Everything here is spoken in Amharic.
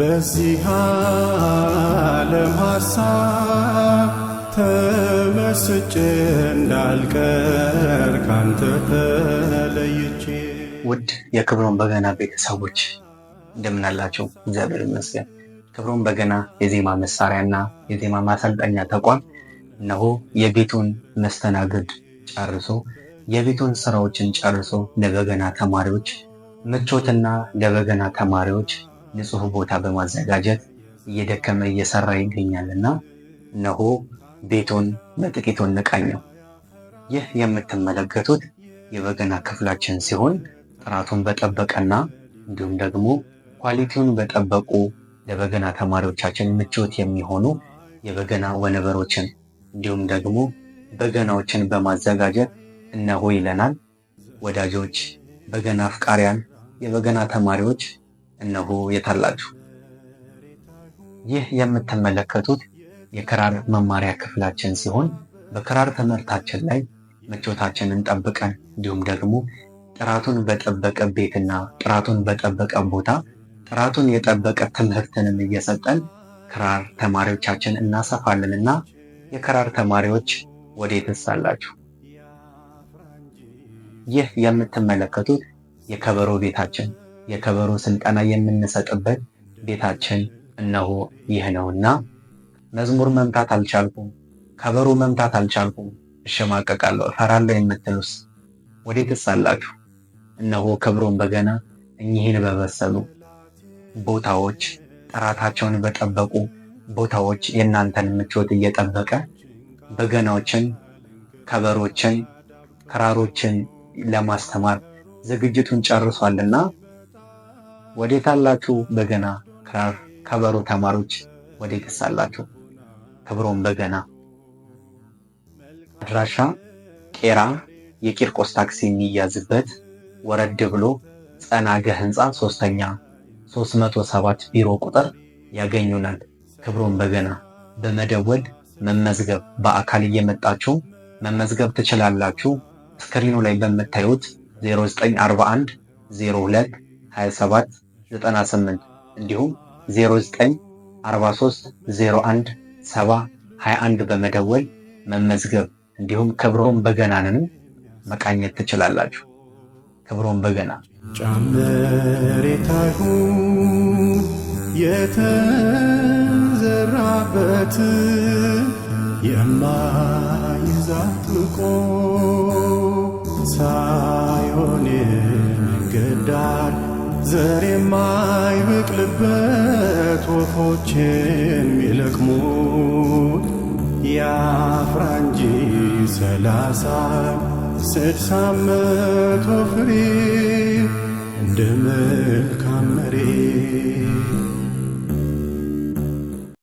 በዚህ ዓለም ሐሳብ ተመስጬ እንዳልቀር ካንተ ተለይቼ። ውድ የክብሮን በገና ቤተሰቦች እንደምናላቸው እግዚአብሔር ይመስገን። ክብሮን በገና የዜማ መሳሪያና የዜማ ማሰልጠኛ ተቋም እነሆ የቤቱን መስተናገድ ጨርሶ የቤቱን ስራዎችን ጨርሶ ለበገና ተማሪዎች ምቾትና ለበገና ተማሪዎች ንጹህ ቦታ በማዘጋጀት እየደከመ እየሰራ ይገኛልና እነሆ ቤቱን በጥቂቱን ንቃኘው። ይህ የምትመለከቱት የበገና ክፍላችን ሲሆን ጥራቱን በጠበቀና እንዲሁም ደግሞ ኳሊቲውን በጠበቁ ለበገና ተማሪዎቻችን ምቾት የሚሆኑ የበገና ወንበሮችን እንዲሁም ደግሞ በገናዎችን በማዘጋጀት እነሆ ይለናል። ወዳጆች፣ በገና አፍቃሪያን፣ የበገና ተማሪዎች እነሆ የታላችሁ ይህ የምትመለከቱት የክራር መማሪያ ክፍላችን ሲሆን በክራር ትምህርታችን ላይ ምቾታችንን ጠብቀን እንዲሁም ደግሞ ጥራቱን በጠበቀ ቤትና ጥራቱን በጠበቀ ቦታ ጥራቱን የጠበቀ ትምህርትንም እየሰጠን ክራር ተማሪዎቻችን እናሰፋለን እና የክራር ተማሪዎች ወዴትስ አላችሁ? ይህ የምትመለከቱት የከበሮ ቤታችን የከበሮ ስልጠና የምንሰጥበት ቤታችን እነሆ ይህ ነውና መዝሙር መምታት አልቻልኩም፣ ከበሮ መምታት አልቻልኩም፣ እሸማቀቃለሁ፣ እፈራለሁ የምትሉስ ወዴትስ አላችሁ? እነሆ ክብሩን በገና እኚህን በመሰሉ ቦታዎች ጥራታቸውን በጠበቁ ቦታዎች የእናንተን ምቾት እየጠበቀ በገናዎችን፣ ከበሮችን፣ ክራሮችን ለማስተማር ዝግጅቱን ጨርሷልና ወዴት አላችሁ? በገና፣ ክራር፣ ከበሮ ተማሪዎች ወዴት አላችሁ? ክብሮም በገና። አድራሻ ቄራ የቂርቆስ ታክሲ የሚያዝበት ወረድ ብሎ ጸናገ ህንፃ ሶስተኛ 307 ቢሮ ቁጥር ያገኙናል። ክብሮም በገና በመደወል መመዝገብ፣ በአካል እየመጣችሁ መመዝገብ ትችላላችሁ። ስክሪኑ ላይ በምታዩት 0941 02 27 98 እንዲሁም 094301 21 በመደወል መመዝገብ እንዲሁም ክብሮም በገናንንም መቃኘት ትችላላችሁ። ክብሮም በገና ጫመሬታሁ የተዘራበት የማይዛትቆ ዘር የማይበቅልበት ወፎች የሚለቅሙት የአፍራ እንጂ ሰላሳ ስድሳ መቶ ፍሬ እንደ መልካም መሬት